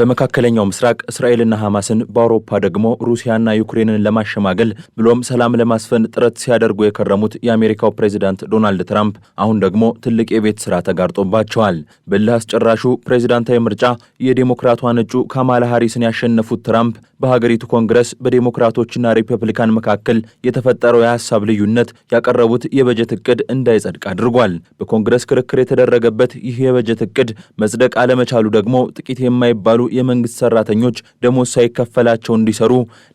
በመካከለኛው ምስራቅ እስራኤልና ሐማስን በአውሮፓ ደግሞ ሩሲያና ዩክሬንን ለማሸማገል ብሎም ሰላም ለማስፈን ጥረት ሲያደርጉ የከረሙት የአሜሪካው ፕሬዚዳንት ዶናልድ ትራምፕ አሁን ደግሞ ትልቅ የቤት ሥራ ተጋርጦባቸዋል። ብልህ አስጨራሹ ፕሬዚዳንታዊ ምርጫ የዴሞክራቷን እጩ ካማላ ሃሪስን ያሸነፉት ትራምፕ በሀገሪቱ ኮንግረስ በዴሞክራቶችና ሪፐብሊካን መካከል የተፈጠረው የሀሳብ ልዩነት ያቀረቡት የበጀት እቅድ እንዳይጸድቅ አድርጓል። በኮንግረስ ክርክር የተደረገበት ይህ የበጀት እቅድ መጽደቅ አለመቻሉ ደግሞ ጥቂት የማይባሉ የመንግስት ሰራተኞች ደሞዝ ሳይከፈላቸው እንዲሰሩ፣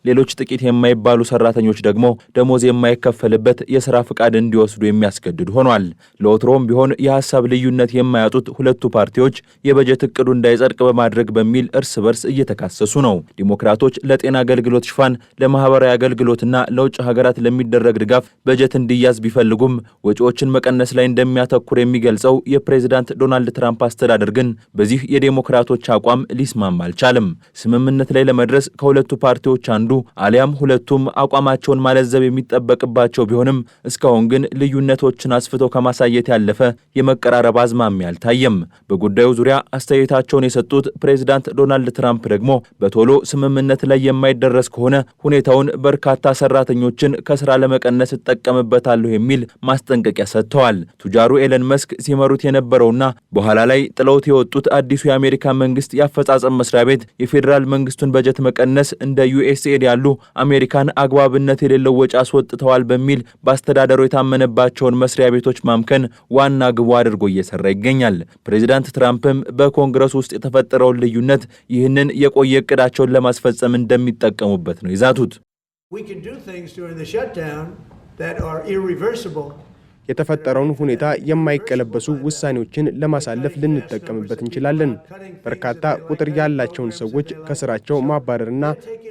ሌሎች ጥቂት የማይባሉ ሰራተኞች ደግሞ ደሞዝ የማይከፈልበት የስራ ፍቃድ እንዲወስዱ የሚያስገድድ ሆኗል። ለወትሮም ቢሆን የሀሳብ ልዩነት የማያጡት ሁለቱ ፓርቲዎች የበጀት እቅዱ እንዳይጸድቅ በማድረግ በሚል እርስ በርስ እየተካሰሱ ነው። ዲሞክራቶች ለጤና አገልግሎት ሽፋን፣ ለማህበራዊ አገልግሎትና ለውጭ ሀገራት ለሚደረግ ድጋፍ በጀት እንዲያዝ ቢፈልጉም ወጪዎችን መቀነስ ላይ እንደሚያተኩር የሚገልጸው የፕሬዚዳንት ዶናልድ ትራምፕ አስተዳደር ግን በዚህ የዴሞክራቶች አቋም ሊስ ሊስማማ አልቻለም። ስምምነት ላይ ለመድረስ ከሁለቱ ፓርቲዎች አንዱ አሊያም ሁለቱም አቋማቸውን ማለዘብ የሚጠበቅባቸው ቢሆንም እስካሁን ግን ልዩነቶችን አስፍቶ ከማሳየት ያለፈ የመቀራረብ አዝማሚያ አልታየም። በጉዳዩ ዙሪያ አስተያየታቸውን የሰጡት ፕሬዚዳንት ዶናልድ ትራምፕ ደግሞ በቶሎ ስምምነት ላይ የማይደረስ ከሆነ ሁኔታውን በርካታ ሰራተኞችን ከስራ ለመቀነስ እጠቀምበታለሁ የሚል ማስጠንቀቂያ ሰጥተዋል። ቱጃሩ ኤለን መስክ ሲመሩት የነበረውና በኋላ ላይ ጥለውት የወጡት አዲሱ የአሜሪካ መንግስት ያፈጻጸ የማስፈጸም መስሪያ ቤት የፌዴራል መንግስቱን በጀት መቀነስ እንደ ዩኤስኤድ ያሉ አሜሪካን አግባብነት የሌለው ወጪ አስወጥተዋል በሚል በአስተዳደሩ የታመነባቸውን መስሪያ ቤቶች ማምከን ዋና ግቡ አድርጎ እየሰራ ይገኛል። ፕሬዚዳንት ትራምፕም በኮንግረስ ውስጥ የተፈጠረውን ልዩነት ይህንን የቆየ እቅዳቸውን ለማስፈጸም እንደሚጠቀሙበት ነው ይዛቱት። የተፈጠረውን ሁኔታ የማይቀለበሱ ውሳኔዎችን ለማሳለፍ ልንጠቀምበት እንችላለን። በርካታ ቁጥር ያላቸውን ሰዎች ከስራቸው ማባረርና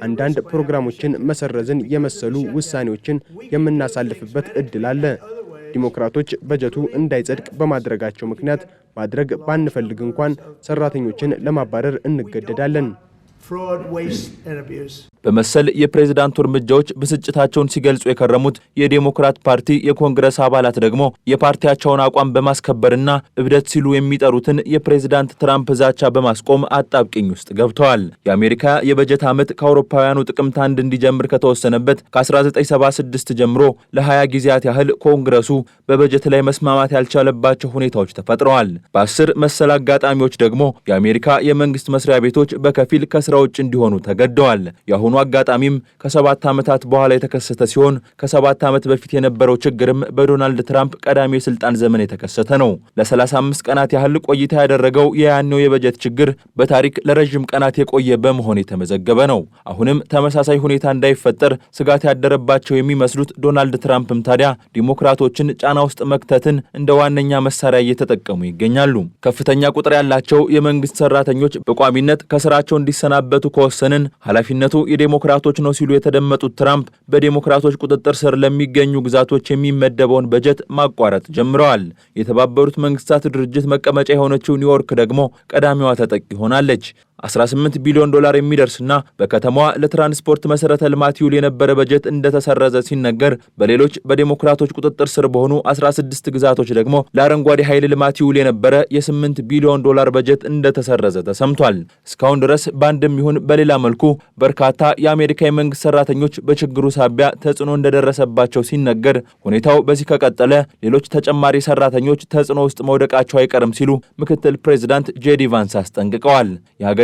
አንዳንድ ፕሮግራሞችን መሰረዝን የመሰሉ ውሳኔዎችን የምናሳልፍበት እድል አለ። ዲሞክራቶች በጀቱ እንዳይጸድቅ በማድረጋቸው ምክንያት ማድረግ ባንፈልግ እንኳን ሰራተኞችን ለማባረር እንገደዳለን። በመሰል የፕሬዝዳንቱ እርምጃዎች ብስጭታቸውን ሲገልጹ የከረሙት የዴሞክራት ፓርቲ የኮንግረስ አባላት ደግሞ የፓርቲያቸውን አቋም በማስከበርና እብደት ሲሉ የሚጠሩትን የፕሬዝዳንት ትራምፕ ዛቻ በማስቆም አጣብቅኝ ውስጥ ገብተዋል። የአሜሪካ የበጀት ዓመት ከአውሮፓውያኑ ጥቅምት አንድ እንዲጀምር ከተወሰነበት ከ1976 ጀምሮ ለ20 ጊዜያት ያህል ኮንግረሱ በበጀት ላይ መስማማት ያልቻለባቸው ሁኔታዎች ተፈጥረዋል። በአስር መሰል አጋጣሚዎች ደግሞ የአሜሪካ የመንግስት መስሪያ ቤቶች በከፊል ከስራ ውጭ እንዲሆኑ ተገደዋል። የአሁኑ አጋጣሚም ከሰባት ዓመታት በኋላ የተከሰተ ሲሆን ከሰባት ዓመት በፊት የነበረው ችግርም በዶናልድ ትራምፕ ቀዳሚ የስልጣን ዘመን የተከሰተ ነው። ለ35 ቀናት ያህል ቆይታ ያደረገው የያኔው የበጀት ችግር በታሪክ ለረዥም ቀናት የቆየ በመሆን የተመዘገበ ነው። አሁንም ተመሳሳይ ሁኔታ እንዳይፈጠር ስጋት ያደረባቸው የሚመስሉት ዶናልድ ትራምፕም ታዲያ ዲሞክራቶችን ጫና ውስጥ መክተትን እንደ ዋነኛ መሳሪያ እየተጠቀሙ ይገኛሉ። ከፍተኛ ቁጥር ያላቸው የመንግስት ሰራተኞች በቋሚነት ከስራቸው እንዲሰናበቱ ከወሰንን ኃላፊነቱ ዴሞክራቶች ነው ሲሉ የተደመጡት ትራምፕ በዴሞክራቶች ቁጥጥር ስር ለሚገኙ ግዛቶች የሚመደበውን በጀት ማቋረጥ ጀምረዋል። የተባበሩት መንግስታት ድርጅት መቀመጫ የሆነችው ኒውዮርክ ደግሞ ቀዳሚዋ ተጠቂ ሆናለች። 18 ቢሊዮን ዶላር የሚደርስና በከተማዋ ለትራንስፖርት መሰረተ ልማት ይውል የነበረ በጀት እንደተሰረዘ ሲነገር በሌሎች በዴሞክራቶች ቁጥጥር ስር በሆኑ 16 ግዛቶች ደግሞ ለአረንጓዴ ኃይል ልማት ይውል የነበረ የ8 ቢሊዮን ዶላር በጀት እንደተሰረዘ ተሰምቷል። እስካሁን ድረስ በአንድም ይሁን በሌላ መልኩ በርካታ የአሜሪካ የመንግስት ሰራተኞች በችግሩ ሳቢያ ተጽዕኖ እንደደረሰባቸው ሲነገር ሁኔታው በዚህ ከቀጠለ ሌሎች ተጨማሪ ሰራተኞች ተጽዕኖ ውስጥ መውደቃቸው አይቀርም ሲሉ ምክትል ፕሬዚዳንት ጄዲ ቫንስ አስጠንቅቀዋል።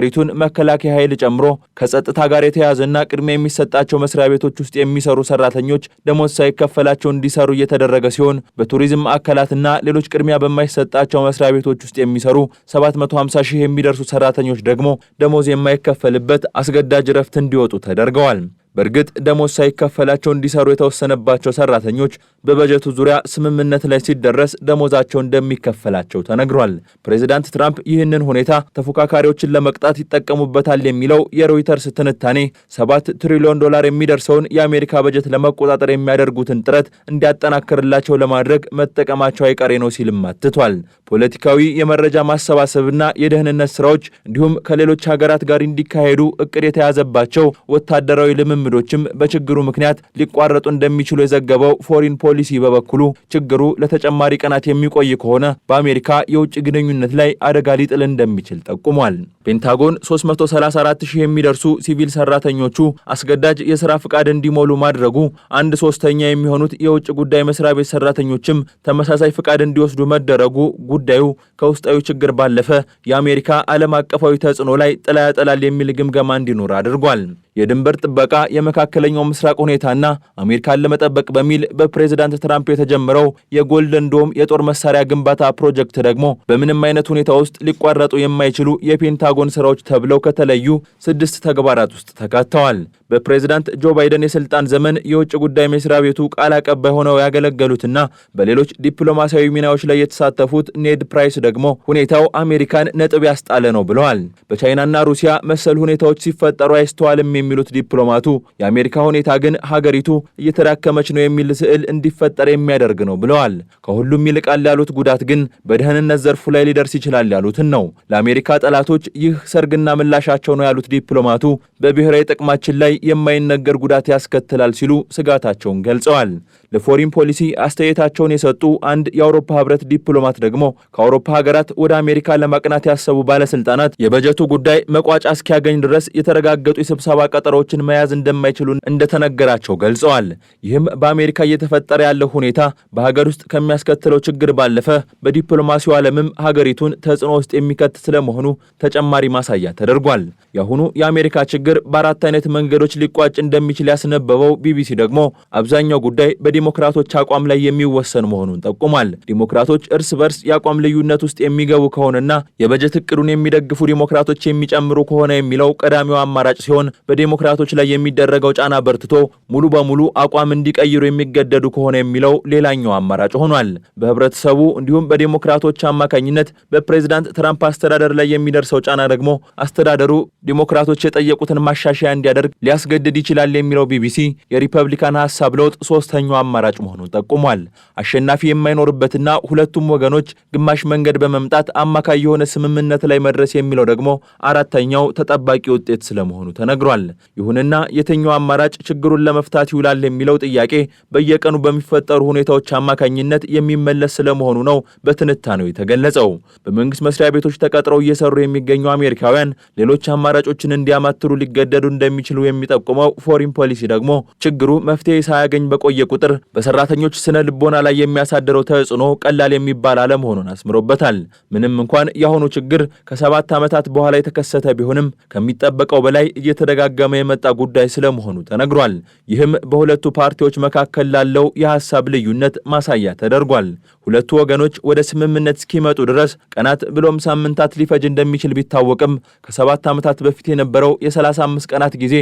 የሀገሪቱን መከላከያ ኃይል ጨምሮ ከጸጥታ ጋር የተያያዘና ቅድሚያ የሚሰጣቸው መስሪያ ቤቶች ውስጥ የሚሰሩ ሰራተኞች ደሞዝ ሳይከፈላቸው እንዲሰሩ እየተደረገ ሲሆን በቱሪዝም ማዕከላትና ሌሎች ቅድሚያ በማይሰጣቸው መስሪያ ቤቶች ውስጥ የሚሰሩ 750 ሺህ የሚደርሱ ሰራተኞች ደግሞ ደሞዝ የማይከፈልበት አስገዳጅ እረፍት እንዲወጡ ተደርገዋል። በእርግጥ ደሞዝ ሳይከፈላቸው እንዲሰሩ የተወሰነባቸው ሰራተኞች በበጀቱ ዙሪያ ስምምነት ላይ ሲደረስ ደሞዛቸው እንደሚከፈላቸው ተነግሯል። ፕሬዚዳንት ትራምፕ ይህንን ሁኔታ ተፎካካሪዎችን ለመቅጣት ይጠቀሙበታል የሚለው የሮይተርስ ትንታኔ ሰባት ትሪሊዮን ዶላር የሚደርሰውን የአሜሪካ በጀት ለመቆጣጠር የሚያደርጉትን ጥረት እንዲያጠናክርላቸው ለማድረግ መጠቀማቸው አይቀሬ ነው ሲልም አትቷል። ፖለቲካዊ የመረጃ ማሰባሰብና የደህንነት ስራዎች እንዲሁም ከሌሎች ሀገራት ጋር እንዲካሄዱ እቅድ የተያዘባቸው ወታደራዊ ልምም ልምምዶችም በችግሩ ምክንያት ሊቋረጡ እንደሚችሉ የዘገበው ፎሪን ፖሊሲ በበኩሉ ችግሩ ለተጨማሪ ቀናት የሚቆይ ከሆነ በአሜሪካ የውጭ ግንኙነት ላይ አደጋ ሊጥል እንደሚችል ጠቁሟል። ፔንታጎን 334 ሺህ የሚደርሱ ሲቪል ሰራተኞቹ አስገዳጅ የስራ ፍቃድ እንዲሞሉ ማድረጉ፣ አንድ ሶስተኛ የሚሆኑት የውጭ ጉዳይ መስሪያ ቤት ሰራተኞችም ተመሳሳይ ፍቃድ እንዲወስዱ መደረጉ ጉዳዩ ከውስጣዊ ችግር ባለፈ የአሜሪካ ዓለም አቀፋዊ ተጽዕኖ ላይ ጥላ ያጠላል የሚል ግምገማ እንዲኖር አድርጓል። የድንበር ጥበቃ፣ የመካከለኛው ምስራቅ ሁኔታና አሜሪካን ለመጠበቅ በሚል በፕሬዚዳንት ትራምፕ የተጀመረው የጎልደን ዶም የጦር መሳሪያ ግንባታ ፕሮጀክት ደግሞ በምንም አይነት ሁኔታ ውስጥ ሊቋረጡ የማይችሉ የፔንታጎን ስራዎች ተብለው ከተለዩ ስድስት ተግባራት ውስጥ ተካተዋል። በፕሬዝዳንት ጆ ባይደን የስልጣን ዘመን የውጭ ጉዳይ መስሪያ ቤቱ ቃል አቀባይ ሆነው ያገለገሉትና በሌሎች ዲፕሎማሲያዊ ሚናዎች ላይ የተሳተፉት ኔድ ፕራይስ ደግሞ ሁኔታው አሜሪካን ነጥብ ያስጣለ ነው ብለዋል። በቻይናና ሩሲያ መሰል ሁኔታዎች ሲፈጠሩ አይስተዋልም የሚሉት ዲፕሎማቱ የአሜሪካ ሁኔታ ግን ሀገሪቱ እየተዳከመች ነው የሚል ስዕል እንዲፈጠር የሚያደርግ ነው ብለዋል። ከሁሉም ይልቃል ያሉት ጉዳት ግን በደህንነት ዘርፉ ላይ ሊደርስ ይችላል ያሉትን ነው። ለአሜሪካ ጠላቶች ይህ ሰርግና ምላሻቸው ነው ያሉት ዲፕሎማቱ በብሔራዊ ጥቅማችን ላይ የማይነገር ጉዳት ያስከትላል ሲሉ ስጋታቸውን ገልጸዋል። ለፎሪን ፖሊሲ አስተያየታቸውን የሰጡ አንድ የአውሮፓ ህብረት ዲፕሎማት ደግሞ ከአውሮፓ ሀገራት ወደ አሜሪካ ለማቅናት ያሰቡ ባለስልጣናት የበጀቱ ጉዳይ መቋጫ እስኪያገኝ ድረስ የተረጋገጡ የስብሰባ ቀጠሮዎችን መያዝ እንደማይችሉ እንደተነገራቸው ገልጸዋል። ይህም በአሜሪካ እየተፈጠረ ያለው ሁኔታ በሀገር ውስጥ ከሚያስከትለው ችግር ባለፈ በዲፕሎማሲው ዓለምም ሀገሪቱን ተጽዕኖ ውስጥ የሚከት ስለመሆኑ ተጨማሪ ማሳያ ተደርጓል። የአሁኑ የአሜሪካ ችግር በአራት አይነት መንገዶች ኃይሎች ሊቋጭ እንደሚችል ያስነበበው ቢቢሲ ደግሞ አብዛኛው ጉዳይ በዲሞክራቶች አቋም ላይ የሚወሰን መሆኑን ጠቁሟል። ዲሞክራቶች እርስ በርስ የአቋም ልዩነት ውስጥ የሚገቡ ከሆነና የበጀት እቅዱን የሚደግፉ ዲሞክራቶች የሚጨምሩ ከሆነ የሚለው ቀዳሚው አማራጭ ሲሆን በዲሞክራቶች ላይ የሚደረገው ጫና በርትቶ ሙሉ በሙሉ አቋም እንዲቀይሩ የሚገደዱ ከሆነ የሚለው ሌላኛው አማራጭ ሆኗል። በህብረተሰቡ እንዲሁም በዲሞክራቶች አማካኝነት በፕሬዚዳንት ትራምፕ አስተዳደር ላይ የሚደርሰው ጫና ደግሞ አስተዳደሩ ዲሞክራቶች የጠየቁትን ማሻሻያ እንዲያደርግ ሊያስገድድ ይችላል የሚለው ቢቢሲ የሪፐብሊካን ሀሳብ ለውጥ ሶስተኛው አማራጭ መሆኑን ጠቁሟል። አሸናፊ የማይኖርበትና ሁለቱም ወገኖች ግማሽ መንገድ በመምጣት አማካይ የሆነ ስምምነት ላይ መድረስ የሚለው ደግሞ አራተኛው ተጠባቂ ውጤት ስለመሆኑ ተነግሯል። ይሁንና የትኛው አማራጭ ችግሩን ለመፍታት ይውላል የሚለው ጥያቄ በየቀኑ በሚፈጠሩ ሁኔታዎች አማካኝነት የሚመለስ ስለመሆኑ ነው በትንታኔው የተገለጸው። በመንግስት መስሪያ ቤቶች ተቀጥረው እየሰሩ የሚገኙ አሜሪካውያን ሌሎች አማራጮችን እንዲያማትሩ ሊገደዱ እንደሚችሉ የሚ የሚጠቁመው ፎሪን ፖሊሲ ደግሞ ችግሩ መፍትሄ ሳያገኝ በቆየ ቁጥር በሰራተኞች ስነ ልቦና ላይ የሚያሳደረው ተጽዕኖ ቀላል የሚባል አለመሆኑን አስምሮበታል። ምንም እንኳን የአሁኑ ችግር ከሰባት ዓመታት በኋላ የተከሰተ ቢሆንም ከሚጠበቀው በላይ እየተደጋገመ የመጣ ጉዳይ ስለመሆኑ ተነግሯል። ይህም በሁለቱ ፓርቲዎች መካከል ላለው የሐሳብ ልዩነት ማሳያ ተደርጓል። ሁለቱ ወገኖች ወደ ስምምነት እስኪመጡ ድረስ ቀናት ብሎም ሳምንታት ሊፈጅ እንደሚችል ቢታወቅም ከሰባት ዓመታት በፊት የነበረው የ35 ቀናት ጊዜ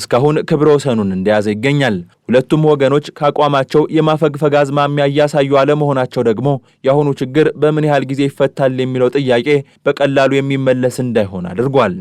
እስካሁን ክብረ ወሰኑን እንደያዘ ይገኛል። ሁለቱም ወገኖች ከአቋማቸው የማፈግፈግ አዝማሚያ እያሳዩ አለመሆናቸው ደግሞ የአሁኑ ችግር በምን ያህል ጊዜ ይፈታል የሚለው ጥያቄ በቀላሉ የሚመለስ እንዳይሆን አድርጓል።